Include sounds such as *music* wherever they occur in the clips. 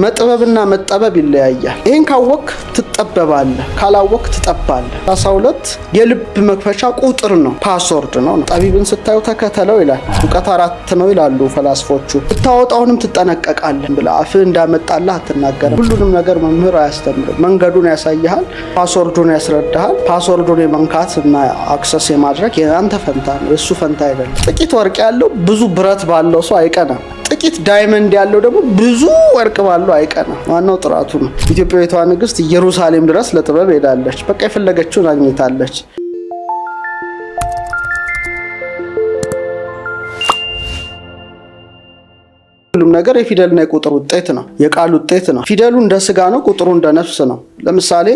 መጥበብና መጠበብ ይለያያል። ይህን ካወክ ትጠበባለ ካላወክ ትጠባለህ። 12 የልብ መክፈቻ ቁጥር ነው፣ ፓስወርድ ነው። ጠቢብን ስታዩ ተከተለው ይላል። እውቀት አራት ነው ይላሉ ፈላስፎቹ። ብታወጣውንም ትጠነቀቃለን ብለ አፍ እንዳመጣልህ አትናገርም። ሁሉንም ነገር መምህር አያስተምርም። መንገዱን ያሳይሃል፣ ፓስወርዱን ያስረዳሃል። ፓስወርዱን የመንካት እና አክሰስ የማድረግ የአንተ ፈንታ ነው፣ የእሱ ፈንታ አይደለም። ጥቂት ወርቅ ያለው ብዙ ብረት ባለው ሰው አይቀናም። ጥቂት ዳይመንድ ያለው ደግሞ ብዙ ወርቅ ባለው ነው ዋናው ጥራቱ ነው። ኢትዮጵያዊቷ ንግስት ኢየሩሳሌም ድረስ ለጥበብ ሄዳለች። በቃ የፈለገችውን አግኝታለች። ሁሉም ነገር የፊደልና የቁጥር ውጤት ነው። የቃል ውጤት ነው። ፊደሉ እንደ ስጋ ነው፣ ቁጥሩ እንደ ነፍስ ነው። ለምሳሌ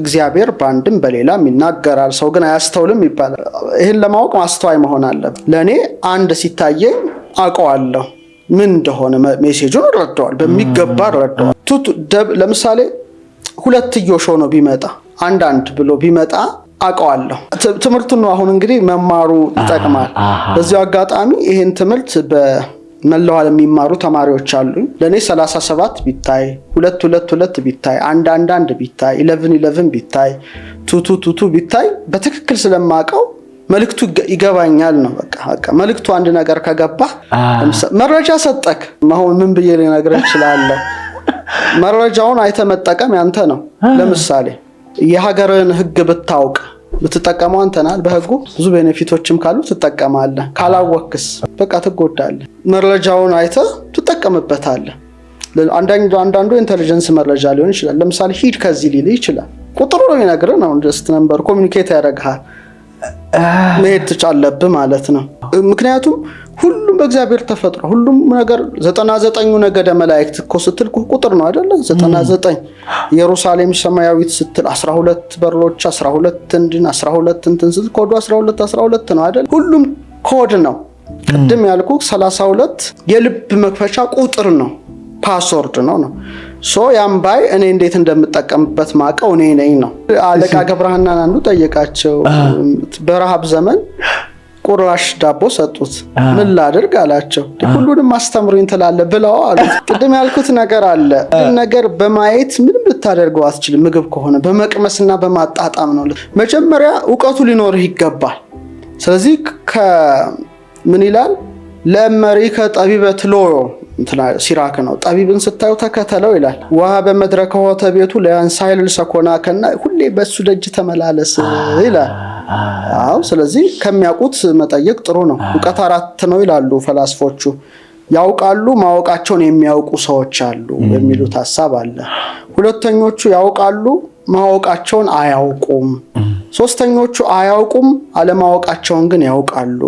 እግዚአብሔር በአንድም በሌላም ይናገራል፣ ሰው ግን አያስተውልም ይባላል። ይህን ለማወቅ ማስተዋይ መሆን አለብን። ለእኔ አንድ ሲታየኝ አውቀዋለሁ ምን እንደሆነ ሜሴጁን እረዳዋል፣ በሚገባ እረዳዋል። ለምሳሌ ሁለትዮሽ ሆኖ ቢመጣ አንዳንድ ብሎ ቢመጣ አውቀዋለሁ። ትምህርቱን ነው አሁን እንግዲህ መማሩ ይጠቅማል። በዚ አጋጣሚ ይህን ትምህርት በመላው ዓለም የሚማሩ ተማሪዎች አሉኝ። ለእኔ 37 ቢታይ፣ ሁለት ሁለት ሁለት ቢታይ፣ አንድ አንድ ቢታይ፣ ኢለቭን ኢለቭን ቢታይ፣ ቱቱ ቱቱ ቢታይ በትክክል ስለማውቀው መልክቱ ይገባኛል ነው። በቃ መልክቱ አንድ ነገር ከገባ መረጃ ሰጠክ መሆን ምን ብዬ ልነግር እችላለሁ? *laughs* መረጃውን አይተ መጠቀም ያንተ ነው። ለምሳሌ የሀገርን ህግ ብታውቅ ብትጠቀመው አንተናል። በህጉ ብዙ ቤኔፊቶችም ካሉ ትጠቀማለህ። ካላወክስ በቃ ትጎዳለህ። መረጃውን አይተ ትጠቀምበታለህ። አንዳንዱ ኢንተሊጀንስ መረጃ ሊሆን ይችላል። ለምሳሌ ሂድ ከዚህ ሊል ይችላል። ቁጥሩ ነው የሚነግርህ ነው። ጀስት ኮሚኒኬት ያደርግሃል መሄድ ትቻለብህ ማለት ነው። ምክንያቱም ሁሉም በእግዚአብሔር ተፈጥሮ ሁሉም ነገር ዘጠና ዘጠኙ ነገደ መላእክት እኮ ስትል ቁጥር ነው አይደለ? ዘጠና ዘጠኝ ኢየሩሳሌም ሰማያዊት ስትል አስራ ሁለት በሮች አስራ ሁለት እንድን አስራ ሁለት እንትን ስትል ኮዱ አስራ ሁለት አስራ ሁለት ነው አይደል? ሁሉም ኮድ ነው። ቅድም ያልኩ ሰላሳ ሁለት የልብ መክፈቻ ቁጥር ነው፣ ፓስወርድ ነው ነው ሶ ያም ባይ እኔ እንዴት እንደምጠቀምበት ማቀው እኔ ነኝ ነው። አለቃ ገብረሃናን አንዱ ጠየቃቸው። በረሃብ ዘመን ቁራሽ ዳቦ ሰጡት። ምን ላድርግ አላቸው። ሁሉንም አስተምሩኝ ትላለ ብለው አሉት። ቅድም ያልኩት ነገር አለ። ነገር በማየት ምንም ልታደርገው አትችልም። ምግብ ከሆነ በመቅመስና በማጣጣም ነው። መጀመሪያ እውቀቱ ሊኖርህ ይገባል። ስለዚህ ምን ይላል ለመሪከ ጠቢበት ሎዮ ሲራክ ነው። ጠቢብን ስታዩ ተከተለው ይላል። ውሃ በመድረከ ሆተ ቤቱ ሰኮና ከና ሁሌ በእሱ ደጅ ተመላለስ ይላል። አዎ ስለዚህ ከሚያውቁት መጠየቅ ጥሩ ነው። እውቀት አራት ነው ይላሉ ፈላስፎቹ። ያውቃሉ ማወቃቸውን የሚያውቁ ሰዎች አሉ የሚሉት ሀሳብ አለ። ሁለተኞቹ ያውቃሉ ማወቃቸውን አያውቁም። ሶስተኞቹ አያውቁም አለማወቃቸውን ግን ያውቃሉ።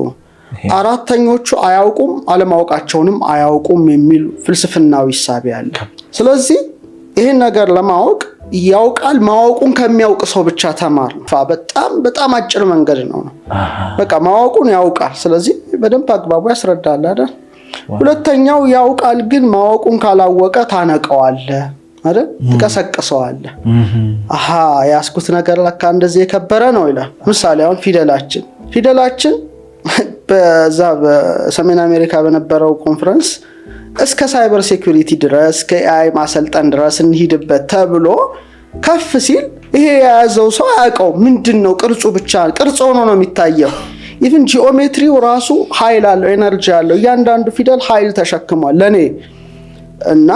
አራተኞቹ አያውቁም አለማወቃቸውንም አያውቁም የሚል ፍልስፍናዊ እሳቤ አለ። ስለዚህ ይህን ነገር ለማወቅ ያውቃል ማወቁን ከሚያውቅ ሰው ብቻ ተማር በጣም በጣም አጭር መንገድ ነው በቃ ማወቁን ያውቃል። ስለዚህ በደንብ አግባቡ ያስረዳል አይደል? ሁለተኛው ያውቃል ግን ማወቁን ካላወቀ ታነቀዋለ አይደል? ትቀሰቅሰዋለህ። አሃ ያስኩት ነገር ለካ እንደዚህ የከበረ ነው ይላል። ምሳሌ አሁን ፊደላችን ፊደላችን በዛ በሰሜን አሜሪካ በነበረው ኮንፈረንስ እስከ ሳይበር ሴኩሪቲ ድረስ ከኤአይ ማሰልጠን ድረስ እንሂድበት ተብሎ ከፍ ሲል ይሄ የያዘው ሰው አያውቀው ምንድን ነው ቅርጹ ብቻ ቅርጽ ሆኖ ነው የሚታየው። ኢቭን ጂኦሜትሪው ራሱ ኃይል አለው ኤነርጂ አለው። እያንዳንዱ ፊደል ኃይል ተሸክሟል ለእኔ እና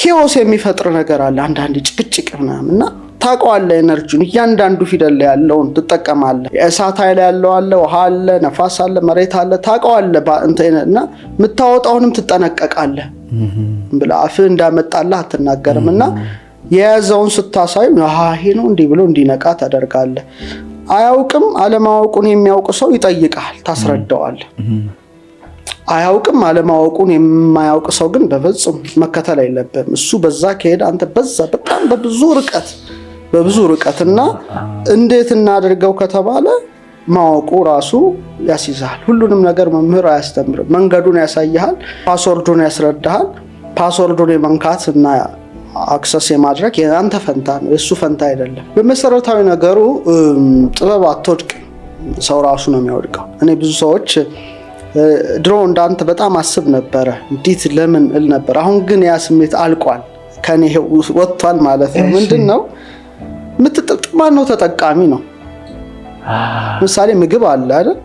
ኬዎስ የሚፈጥር ነገር አለ አንዳንድ ጭቅጭቅ ምናምን እና ታውቀዋለህ፣ ኤነርጂን እያንዳንዱ ፊደል ላይ ያለውን ትጠቀማለህ። የእሳት ኃይል ያለው አለ፣ ውሃ አለ፣ ነፋስ አለ፣ መሬት አለ፣ ታውቀዋለህ እና የምታወጣውንም ትጠነቀቃለህ። ብለህ አፍህ እንዳመጣልህ አትናገርም እና የያዘውን ስታሳዩ ይሄ ነው እንዲህ ብሎ እንዲነቃ ታደርጋለህ። አያውቅም አለማወቁን የሚያውቅ ሰው ይጠይቃል፣ ታስረዳዋለህ። አያውቅም አለማወቁን የማያውቅ ሰው ግን በፍጹም መከተል የለብም። እሱ በዛ ከሄደ አንተ በዛ በጣም በብዙ ርቀት በብዙ ርቀትና እንዴት እናደርገው ከተባለ ማወቁ ራሱ ያስይዛል። ሁሉንም ነገር መምህር አያስተምርም። መንገዱን ያሳይሃል፣ ፓስወርዱን ያስረዳሃል። ፓስወርዱን የመንካት እና አክሰስ የማድረግ የአንተ ፈንታ ነው፣ የእሱ ፈንታ አይደለም። በመሰረታዊ ነገሩ ጥበብ አትወድቅ፣ ሰው ራሱ ነው የሚያወድቀው እኔ ብዙ ሰዎች ድሮ እንዳንተ በጣም አስብ ነበረ እንዴት ለምን እል ነበር። አሁን ግን ያ ስሜት አልቋል፣ ከኔ ወጥቷል ማለት ነው። ምንድን ነው ማን ነው ተጠቃሚ ነው። ምሳሌ ምግብ አለ አይደል?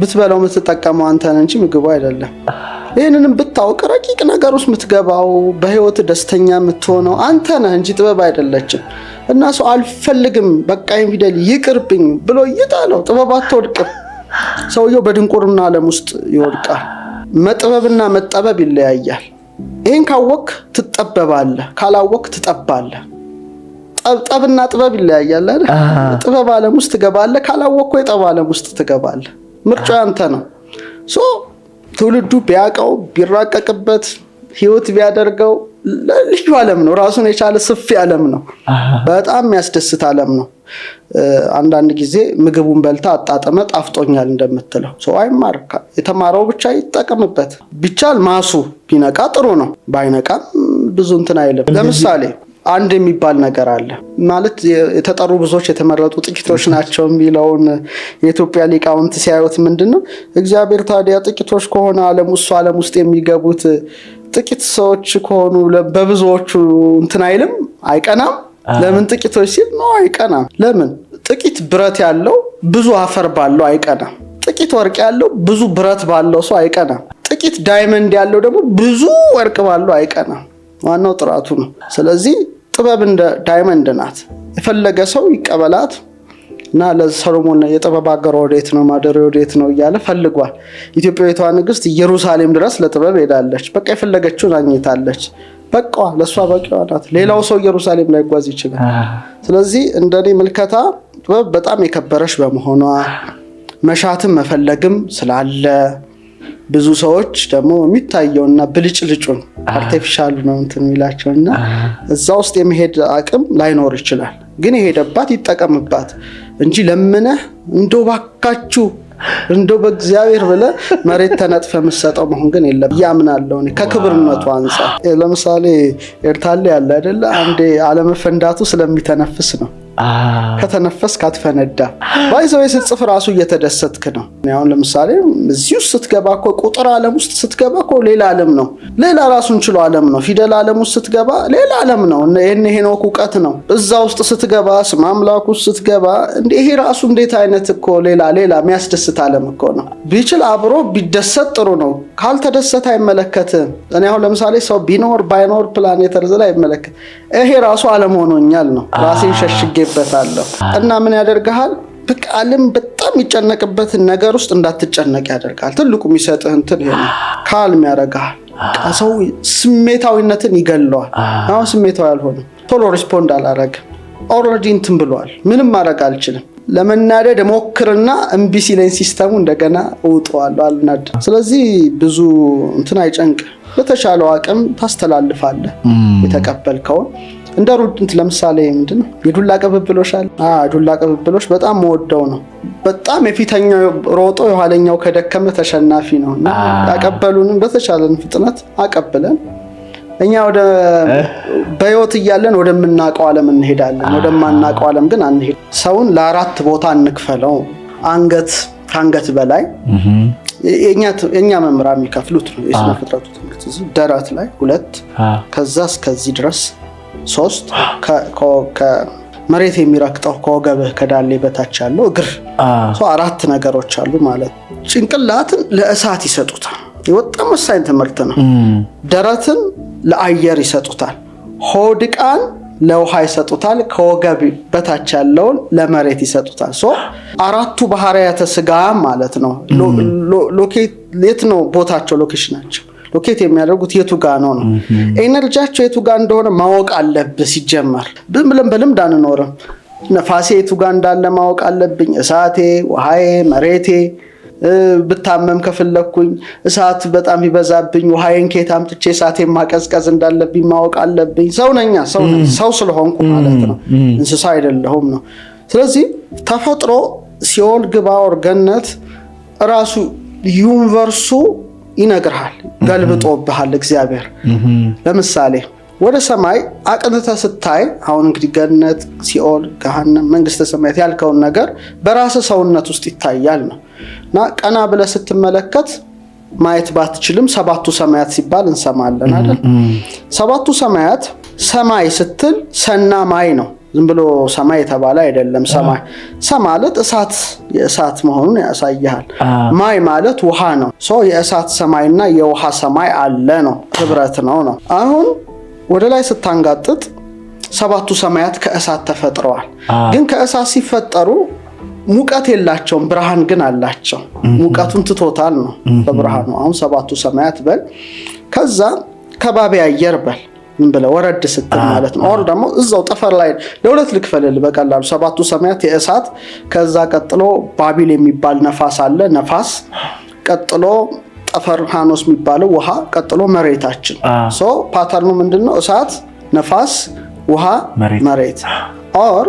ብትበላው የምትጠቀመው አንተ ነህ እንጂ ምግቡ አይደለም። ይህንንም ብታውቅ ረቂቅ ነገር ውስጥ የምትገባው በህይወት ደስተኛ የምትሆነው አንተ ነህ እንጂ ጥበብ አይደለችም። እና ሰው አልፈልግም በቃ ፊደል ይቅርብኝ ብሎ ይጣለው፣ ጥበብ አትወድቅም። ሰውየው በድንቁርና ዓለም ውስጥ ይወድቃል። መጥበብና መጠበብ ይለያያል። ይህን ካወቅ ትጠበባለህ፣ ካላወቅ ትጠባለህ። ጠብጠብና ጥበብ ይለያያል ጥበብ ዓለም ውስጥ ትገባለህ፣ ካላወቅኸው የጠብ ዓለም ውስጥ ትገባለህ። ምርጫው ያንተ ነው። ሶ ትውልዱ ቢያውቀው ቢራቀቅበት ህይወት ቢያደርገው ልዩ ዓለም ነው። ራሱን የቻለ ሰፊ ዓለም ነው። በጣም የሚያስደስት ዓለም ነው። አንዳንድ ጊዜ ምግቡን በልታ አጣጥመ ጣፍጦኛል እንደምትለው ሰው አይማር። የተማረው ብቻ ይጠቀምበት። ቢቻል ማሱ ቢነቃ ጥሩ ነው። ባይነቃም ብዙ እንትን አይልም። ለምሳሌ አንድ የሚባል ነገር አለ ማለት የተጠሩ ብዙዎች የተመረጡ ጥቂቶች ናቸው የሚለውን የኢትዮጵያ ሊቃውንት ሲያዩት ምንድን ነው እግዚአብሔር ታዲያ ጥቂቶች ከሆነ አለም እሱ አለም ውስጥ የሚገቡት ጥቂት ሰዎች ከሆኑ በብዙዎቹ እንትን አይልም አይቀናም? ለምን ጥቂቶች ሲል ነው አይቀናም። ለምን ጥቂት ብረት ያለው ብዙ አፈር ባለው አይቀናም። ጥቂት ወርቅ ያለው ብዙ ብረት ባለው ሰው አይቀናም። ጥቂት ዳይመንድ ያለው ደግሞ ብዙ ወርቅ ባለው አይቀናም። ዋናው ጥራቱ ነው። ስለዚህ ጥበብ እንደ ዳይመንድ ናት። የፈለገ ሰው ይቀበላት እና ለሰሎሞን የጥበብ አገር ወዴት ነው ማደሪያ ወዴት ነው እያለ ፈልጓል። ኢትዮጵያዊቷ ንግስት ኢየሩሳሌም ድረስ ለጥበብ ሄዳለች። በቃ የፈለገችውን አግኝታለች። በቃ ለእሷ በቂዋ ናት። ሌላው ሰው ኢየሩሳሌም ላይጓዝ ይችላል። ስለዚህ እንደኔ ምልከታ ጥበብ በጣም የከበረች በመሆኗ መሻትም መፈለግም ስላለ ብዙ ሰዎች ደግሞ የሚታየውና ብልጭልጩን አርቲፊሻሉ ነው እንትን የሚላቸው እና እዛ ውስጥ የመሄድ አቅም ላይኖር ይችላል። ግን የሄደባት ይጠቀምባት እንጂ ለምነህ እንዶ ባካችሁ እንዶ በእግዚአብሔር ብለ መሬት ተነጥፈ የምሰጠው መሆን ግን የለም እያምናለሁ ከክብርነቱ አንጻር። ለምሳሌ ኤርታሌ ያለ አይደለ አንዴ አለመፈንዳቱ ስለሚተነፍስ ነው ከተነፈስ ካትፈነዳ ባይዘው ስጽፍ ራሱ እየተደሰትክ ነው። አሁን ለምሳሌ እዚህ ውስጥ ስትገባ እኮ ቁጥር ዓለም ውስጥ ስትገባ እኮ ሌላ ዓለም ነው። ሌላ ራሱን ችሎ ዓለም ነው። ፊደል ዓለም ውስጥ ስትገባ ሌላ ዓለም ነው። ይህን ሄኖክ እውቀት ነው። እዛ ውስጥ ስትገባ ስም አምላክ ውስጥ ስትገባ ይሄ ራሱ እንዴት አይነት እኮ ሌላ ሌላ የሚያስደስት ዓለም እኮ ነው። ቢችል አብሮ ቢደሰት ጥሩ ነው። ካልተደሰት አይመለከትም። እኔ አሁን ለምሳሌ ሰው ቢኖር ባይኖር ፕላኔተር ዝላ አይመለከት። ይሄ ራሱ ዓለም ሆኖኛል ነው ራሴን ሸሽጌ አድርጌበታለሁ እና ምን ያደርግሃል በቃልም በጣም የሚጨነቅበትን ነገር ውስጥ እንዳትጨነቅ ያደርጋል። ትልቁ የሚሰጥህ እንትን ይሄ ነው። ካልም ያደርግሃል። ሰው ስሜታዊነትን ይገለዋል። አሁን ስሜታዊ አልሆንም፣ ቶሎ ሪስፖንድ አላረግም። ኦልሬዲ እንትን ብሏል፣ ምንም ማድረግ አልችልም። ለመናደድ ሞክርና እምቢ ሲለኝ ሲስተሙ እንደገና እውጠዋለሁ፣ አልናድ። ስለዚህ ብዙ እንትን አይጨንቅ። በተሻለው አቅም ታስተላልፋለህ የተቀበልከውን እንደ ሩድንት ለምሳሌ ምንድን ነው የዱላ ቅብብሎሽ አለ። ዱላ ቅብብሎሽ በጣም መወደው ነው። በጣም የፊተኛው ሮጦ የኋለኛው ከደከመ ተሸናፊ ነው እና ያቀበሉንም በተቻለን ፍጥነት አቀብለን እኛ ወደ በህይወት እያለን ወደምናውቀው ዓለም እንሄዳለን። ወደማናውቀው ዓለም ግን አንሄድ። ሰውን ለአራት ቦታ እንክፈለው። አንገት ከአንገት በላይ የእኛ መምህራን የሚከፍሉት ነው የስነ ፍጥረቱ ትምህርት። ደረት ላይ ሁለት ከዛ እስከዚህ ድረስ ሶስት መሬት የሚረግጠው ከወገብህ ከዳሌ በታች ያለው እግር አራት ነገሮች አሉ ማለት ነው። ጭንቅላትን ለእሳት ይሰጡታል። የወጣም ወሳኝ ትምህርት ነው። ደረትን ለአየር ይሰጡታል። ሆድቃን ለውሃ ይሰጡታል። ከወገብ በታች ያለውን ለመሬት ይሰጡታል። አራቱ ባህርያተ ስጋ ማለት ነው። የት ነው ቦታቸው? ሎኬሽናቸው ሎኬት የሚያደርጉት የቱ ጋ ነው ነው። ኤነርጂያቸው የቱ ጋ እንደሆነ ማወቅ አለብህ። ሲጀመር ብለን በልምድ አንኖርም። ነፋሴ የቱ ጋ እንዳለ ማወቅ አለብኝ። እሳቴ፣ ውሃዬ፣ መሬቴ ብታመም ከፈለኩኝ እሳት በጣም ይበዛብኝ፣ ውሃዬን ከየት አምጥቼ እሳቴ ማቀዝቀዝ እንዳለብኝ ማወቅ አለብኝ። ሰው ነኛ ሰው ስለሆንኩ ማለት ነው፣ እንስሳ አይደለሁም ነው። ስለዚህ ተፈጥሮ ሲኦል ግባ ወር ገነት ራሱ ዩኒቨርሱ ይነግርሃል፣ ገልብጦብሃል እግዚአብሔር። ለምሳሌ ወደ ሰማይ አቅንተ ስታይ አሁን እንግዲህ ገነት፣ ሲኦል፣ ገሃነም፣ መንግስተ ሰማያት ያልከውን ነገር በራስ ሰውነት ውስጥ ይታያል ነው እና ቀና ብለ ስትመለከት ማየት ባትችልም ሰባቱ ሰማያት ሲባል እንሰማለን አይደል? ሰባቱ ሰማያት ሰማይ ስትል ሰና ማይ ነው ዝም ብሎ ሰማይ የተባለ አይደለም። ሰማይ ሰ ማለት እሳት የእሳት መሆኑን ያሳይሃል። ማይ ማለት ውሃ ነው። ሰው የእሳት ሰማይና የውሃ ሰማይ አለ ነው፣ ህብረት ነው ነው። አሁን ወደ ላይ ስታንጋጥጥ ሰባቱ ሰማያት ከእሳት ተፈጥረዋል። ግን ከእሳት ሲፈጠሩ ሙቀት የላቸውም፣ ብርሃን ግን አላቸው። ሙቀቱን ትቶታል ነው በብርሃኑ። አሁን ሰባቱ ሰማያት በል ከዛ ከባቢ አየር በል ምን ብለህ ወረድ ስትል ማለት ነው። አሁን ደግሞ እዛው ጠፈር ላይ ለሁለት ልክፈልል በቀላሉ ሰባቱ ሰማያት የእሳት ከዛ ቀጥሎ ባቢል የሚባል ነፋስ አለ ነፋስ ቀጥሎ ጠፈር ሃኖስ የሚባለው ውሃ ቀጥሎ መሬታችን ፓተርኑ ምንድን ነው? እሳት፣ ነፋስ፣ ውሃ፣ መሬት ኦር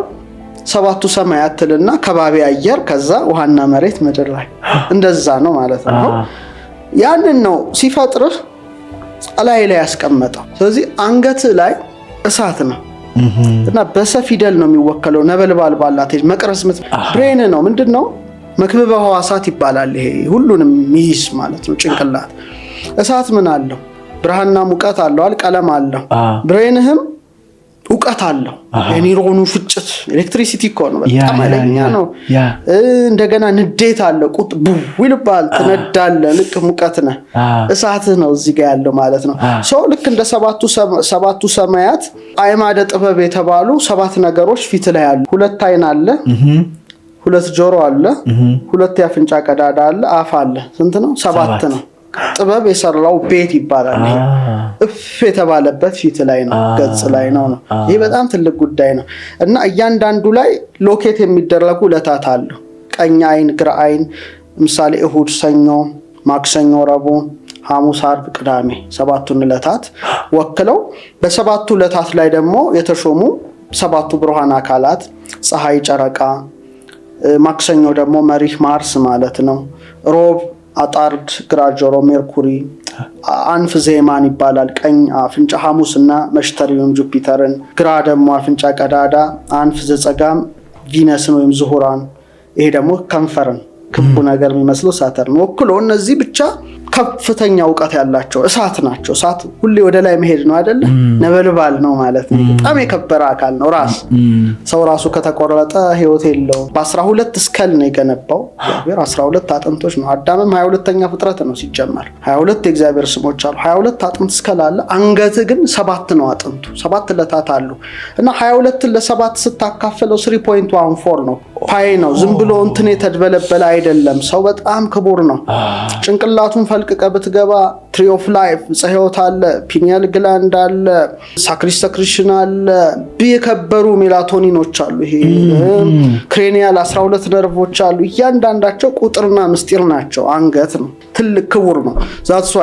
ሰባቱ ሰማያት ትልና ከባቢ አየር፣ ከዛ ውሃና መሬት ምድር ላይ እንደዛ ነው ማለት ነው። ያንን ነው ሲፈጥርህ ጸላይ ላይ ያስቀመጠው። ስለዚህ አንገት ላይ እሳት ነው እና በሰፊደል ነው የሚወከለው። ነበልባል ባላት መቅረስ ብሬን ነው ምንድን ነው መክብበ ህዋሳት ይባላል። ይሄ ሁሉንም ሚይዝ ማለት ነው። ጭንቅላት እሳት ምን አለው? ብርሃንና ሙቀት አለዋል፣ ቀለም አለው። ብሬንህም እውቀት አለው። የኒሮኑ ቁጭት ኤሌክትሪሲቲ እኮ ነው፣ በጣም ኃይለኛ ነው። እንደገና ንዴት አለ፣ ቁጥ ቡ ይልባል፣ ትነዳለ፣ ልቅ ሙቀት ነ እሳት ነው እዚህ ጋር ያለው ማለት ነው። ሰው ልክ እንደ ሰባቱ ሰማያት አይማደ ጥበብ የተባሉ ሰባት ነገሮች ፊት ላይ አሉ። ሁለት አይን አለ፣ ሁለት ጆሮ አለ፣ ሁለት የአፍንጫ ቀዳዳ አለ፣ አፍ አለ። ስንት ነው? ሰባት ነው። ጥበብ የሰራው ቤት ይባላል። እፍ የተባለበት ፊት ላይ ነው፣ ገጽ ላይ ነው ነው። ይህ በጣም ትልቅ ጉዳይ ነው እና እያንዳንዱ ላይ ሎኬት የሚደረጉ ለታት አሉ። ቀኝ አይን፣ ግራ አይን፣ ምሳሌ እሁድ፣ ሰኞ፣ ማክሰኞ፣ ረቡዕ፣ ሐሙስ፣ አርብ ቅዳሜ ሰባቱን እለታት ወክለው በሰባቱ እለታት ላይ ደግሞ የተሾሙ ሰባቱ ብርሃን አካላት ፀሐይ፣ ጨረቃ ማክሰኞ ደግሞ መሪህ ማርስ ማለት ነው። ሮብ አጣርድ፣ ግራ ጆሮ፣ ሜርኩሪ፣ አንፍ ዜማን ይባላል። ቀኝ አፍንጫ ሐሙስ እና መሽተሪውን ጁፒተርን፣ ግራ ደግሞ አፍንጫ ቀዳዳ፣ አንፍ ዘጸጋም ቪነስን ወይም ዝሁራን። ይሄ ደግሞ ከንፈርን ክቡ ነገር የሚመስለው ሳተርን ወክሎ እነዚህ ከፍተኛ እውቀት ያላቸው እሳት ናቸው። እሳት ሁሌ ወደ ላይ መሄድ ነው አይደለ? ነበልባል ነው ማለት ነው። በጣም የከበረ አካል ነው ራስ። ሰው ራሱ ከተቆረጠ ህይወት የለውም። በአስራ ሁለት እስከል ነው የገነባው እግዚአብሔር። አስራ ሁለት አጥንቶች ነው። አዳምም ሀያ ሁለተኛ ፍጥረት ነው ሲጀመር። ሀያ ሁለት የእግዚአብሔር ስሞች አሉ። ሀያ ሁለት አጥንት እስከል አለ። አንገት ግን ሰባት ነው አጥንቱ። ሰባት ለታት አሉ እና ሀያ ሁለትን ለሰባት ስታካፈለው ስሪ ፖይንት ዋን ፎር ነው። ፓይ ነው። ዝም ብሎ እንትን የተድበለበለ አይደለም። ሰው በጣም ክቡር ነው። ጭንቅላቱን አልቅቀ ብትገባ ትሪ ኦፍ ላይፍ ዕፀ ሕይወት አለ፣ ፒኒያል ግላንድ አለ፣ ሳክሪስተ ክርሽን አለ፣ ብ የከበሩ ሜላቶኒኖች አሉ። ይሄ ክሬኒያል 12 ነርቮች አሉ። እያንዳንዳቸው ቁጥርና ምስጢር ናቸው። አንገት ነው፣ ትልቅ ክቡር ነው። ዛትስ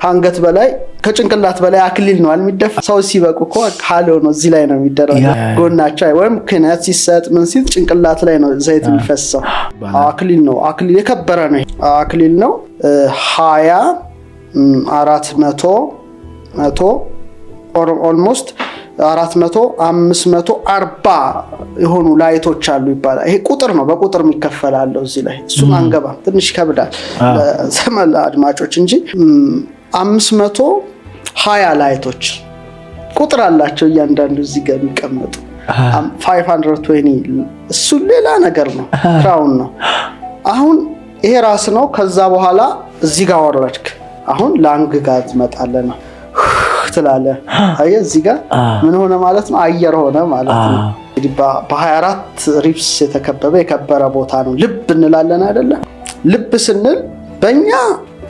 ከአንገት በላይ ከጭንቅላት በላይ አክሊል ነው የሚደፋ። ሰው ሲበቁ እኮ ሀሎ ነው እዚህ ላይ ነው የሚደረገ ጎናቸው ወይም ክህነት ሲሰጥ ምን ሲል ጭንቅላት ላይ ነው ዘይት የሚፈሰው። አክሊል ነው፣ አክሊል የከበረ ነው፣ አክሊል ነው። ሀያ አራት መቶ መቶ ኦልሞስት አራት መቶ አምስት መቶ አርባ የሆኑ ላይቶች አሉ ይባላል። ይሄ ቁጥር ነው፣ በቁጥር የሚከፈላለው እዚህ ላይ እሱም አንገባም፣ ትንሽ ይከብዳል ዘመላ አድማጮች እንጂ አምስት መቶ ሀያ ላይቶች ቁጥር አላቸው እያንዳንዱ እዚህ ጋር የሚቀመጡ ፋይቭ ሀንድረድ ትዌኒ እሱ ሌላ ነገር ነው፣ ክራውን ነው አሁን ይሄ ራስ ነው። ከዛ በኋላ እዚህ ጋር ወረድክ። አሁን ላንግ ጋር ትመጣለህ ነው ትላለህ። አየህ እዚህ ጋር ምን ሆነ ማለት ነው? አየር ሆነ ማለት ነው። እንግዲህ በ24 ሪፕስ የተከበበ የከበረ ቦታ ነው። ልብ እንላለን አይደለ? ልብ ስንል በእኛ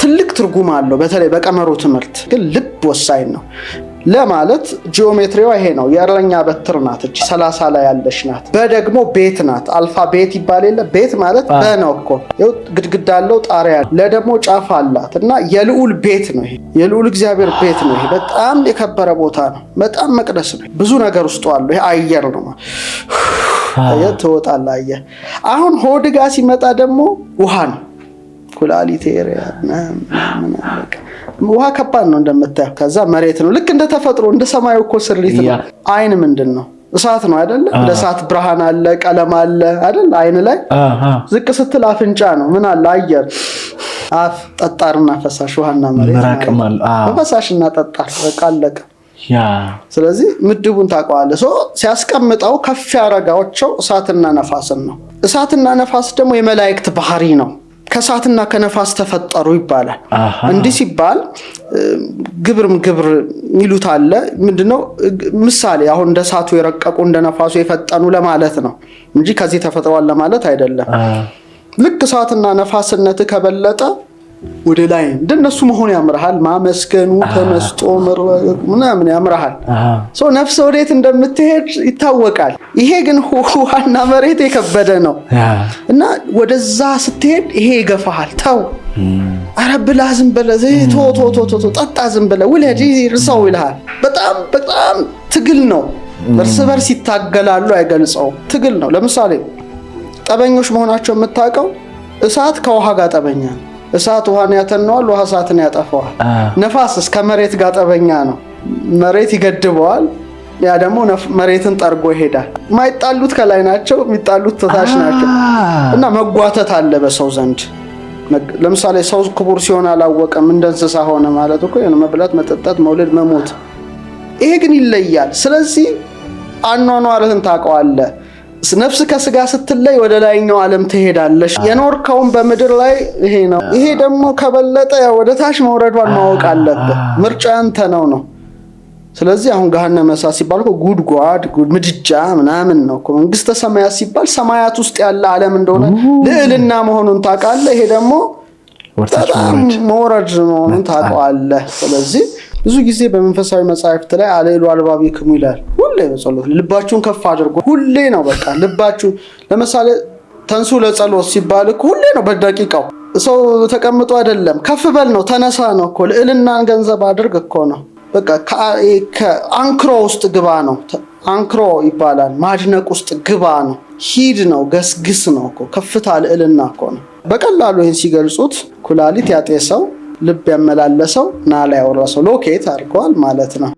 ትልቅ ትርጉም አለው። በተለይ በቀመሩ ትምህርት ግን ልብ ወሳኝ ነው። ለማለት ጂኦሜትሪዋ ይሄ ነው። የእረኛ በትር ናት እቺ ሰላሳ ላይ ያለች ናት። በደግሞ ቤት ናት። አልፋ ቤት ይባል የለ ቤት ማለት በነው እኮ ይኸው ግድግዳ አለው ጣሪያ ለደግሞ ጫፍ አላት እና የልዑል ቤት ነው ይሄ የልዑል እግዚአብሔር ቤት ነው ይሄ በጣም የከበረ ቦታ ነው። በጣም መቅደስ ነው። ብዙ ነገር ውስጡ አለው። ይሄ አየር ነው አየር ትወጣለህ። አየር አሁን ሆድ ጋር ሲመጣ ደግሞ ውሃ ነው ኩላሊቴ ውሃ ከባድ ነው እንደምታየው። ከዛ መሬት ነው ልክ እንደ ተፈጥሮ እንደ ሰማዩ እኮ ስሪት ነው። አይን ምንድን ነው? እሳት ነው አይደለ? እንደ እሳት ብርሃን አለ፣ ቀለም አለ አይደል? አይን ላይ ዝቅ ስትል አፍንጫ ነው። ምን አለ? አየር አፍ፣ ጠጣርና ፈሳሽ፣ ውሃና መሬት፣ ፈሳሽና ጠጣር፣ በቃ አለቀ። ስለዚህ ምድቡን ታውቀዋለህ። ሲያስቀምጠው ከፍ ያረጋቸው እሳትና ነፋስን ነው። እሳትና ነፋስ ደግሞ የመላእክት ባህሪ ነው። ከእሳትና ከነፋስ ተፈጠሩ ይባላል። እንዲህ ሲባል ግብርም ግብር ሚሉት አለ። ምንድነው ምሳሌ አሁን እንደ እሳቱ የረቀቁ እንደ ነፋሱ የፈጠኑ ለማለት ነው እንጂ ከዚህ ተፈጥረዋል ለማለት አይደለም። ልክ እሳትና ነፋስነት ከበለጠ ወደ ላይ እንደነሱ መሆኑ ያምርሃል። ማመስገኑ ተመስጦ ምናምን ያምርሃል። ሰው ነፍስ ወዴት እንደምትሄድ ይታወቃል። ይሄ ግን ውሃና መሬት የከበደ ነው እና ወደዛ ስትሄድ ይሄ ይገፋሃል። ተው አረብላ ዝም በለ፣ ቶቶቶቶ ጠጣ ዝም በለ፣ ውለድ ሰው ይልሃል። በጣም በጣም ትግል ነው። እርስ በርስ ይታገላሉ። አይገልጸው ትግል ነው። ለምሳሌ ጠበኞች መሆናቸው የምታውቀው እሳት ከውሃ ጋር ጠበኛ ነው እሳት ውሃን ያተነዋል፣ ውሃ እሳትን ያጠፈዋል። ነፋስ እስከ መሬት ጋር ጠበኛ ነው። መሬት ይገድበዋል፣ ያ ደግሞ መሬትን ጠርጎ ይሄዳል። የማይጣሉት ከላይ ናቸው፣ የሚጣሉት ተታች ናቸው። እና መጓተት አለ በሰው ዘንድ። ለምሳሌ ሰው ክቡር ሲሆን አላወቀም፣ እንደ እንስሳ ሆነ ማለት እኮ መብላት፣ መጠጣት፣ መውለድ፣ መሞት። ይሄ ግን ይለያል። ስለዚህ አኗኗርህን ታውቀዋለህ። ነፍስ ከስጋ ስትለይ ወደ ላይኛው ዓለም ትሄዳለች። የኖርከውን በምድር ላይ ይሄ ነው። ይሄ ደግሞ ከበለጠ ወደ ታች መውረዷን ማወቅ አለብህ። ምርጫ ያንተ ነው ነው። ስለዚህ አሁን ገሃነመ እሳት ሲባል ጉድጓድ፣ ምድጃ ምናምን ነው። መንግስተ ሰማያት ሲባል ሰማያት ውስጥ ያለ ዓለም እንደሆነ ልዕልና መሆኑን ታውቃለህ። ይሄ ደግሞ በጣም መውረድ መሆኑን ታውቀዋለህ። ስለዚህ ብዙ ጊዜ በመንፈሳዊ መጽሐፍት ላይ አሌሉ ክሙ ይላል። ሁሌ በጸሎት ልባችሁን ከፍ አድርጎ ሁሌ ነው። በቃ ልባችሁ ለምሳሌ ተንሱ ለጸሎት ሲባል እኮ ሁሌ ነው። በደቂቃው ሰው ተቀምጦ አይደለም። ከፍ በል ነው፣ ተነሳ ነው እኮ ልዕልናን ገንዘብ አድርግ እኮ ነው። በቃ አንክሮ ውስጥ ግባ ነው። አንክሮ ይባላል። ማድነቅ ውስጥ ግባ ነው። ሂድ ነው፣ ገስግስ ነው እኮ ከፍታ ልዕልና እኮ ነው። በቀላሉ ይህን ሲገልጹት ኩላሊት ያጤ ሰው ልብ ያመላለሰው ናላ ሰው ሎኬት አድርገዋል ማለት ነው።